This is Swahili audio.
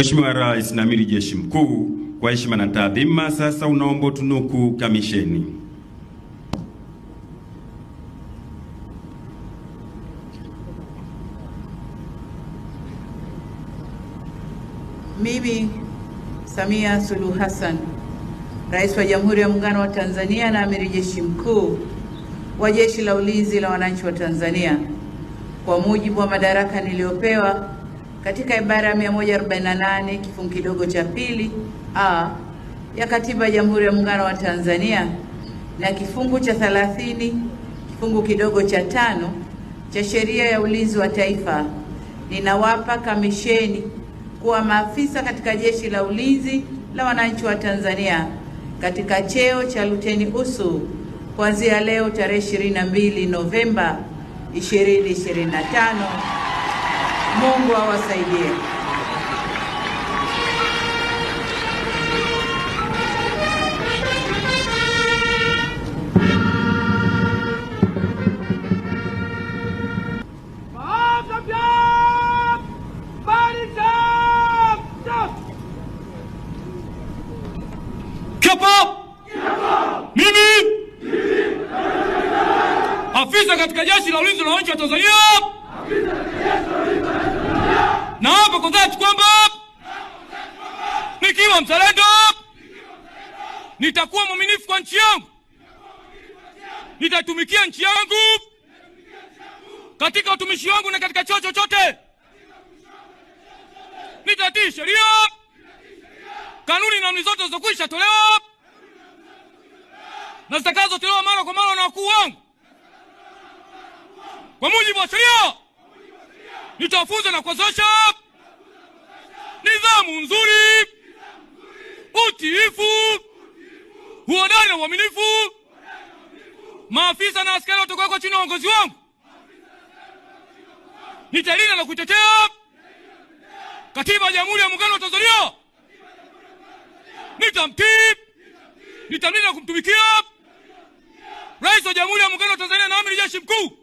Mheshimiwa Rais na Amiri Jeshi Mkuu, kwa heshima na taadhima, sasa unaomba utunuku kamisheni. Mimi Samia Suluhu Hassan, Rais wa Jamhuri ya Muungano wa Tanzania na Amiri Jeshi Mkuu wa Jeshi la Ulinzi la Wananchi wa Tanzania, kwa mujibu wa madaraka niliyopewa katika ibara ya 148 kifungu kidogo cha pili a ya Katiba ya Jamhuri ya Muungano wa Tanzania na kifungu cha 30 kifungu kidogo cha tano cha Sheria ya Ulinzi wa Taifa, ninawapa kamisheni kuwa maafisa katika Jeshi la Ulinzi la Wananchi wa Tanzania katika cheo cha luteni usu kuanzia leo tarehe 22 Novemba 2025. Mungu awasaidie. Afisa katika jeshi la ulinzi la wananchi wa Tanzania Naapa kwa dhati kwamba nikiwa mzalendo nitakuwa mwaminifu kwa nchi yangu, nitatumikia nchi yangu katika utumishi wangu na katika chio chochote, nitatii sheria, kanuni na amri zote zilizokwisha tolewa na zitakazotolewa mara kwa mara na wakuu wangu kwa mujibu wa sheria nitafunza na kuwezesha nidhamu nzuri, utiifu, uhodari na uaminifu. Maafisa na askari watakaoko chini ya uongozi wangu nitalinda na kuitetea katiba ya Jamhuri ya Muungano wa Tanzania. Nitamtii, nitamlinda na kumtumikia Rais wa Jamhuri ya Muungano wa Tanzania na Amiri Jeshi Mkuu.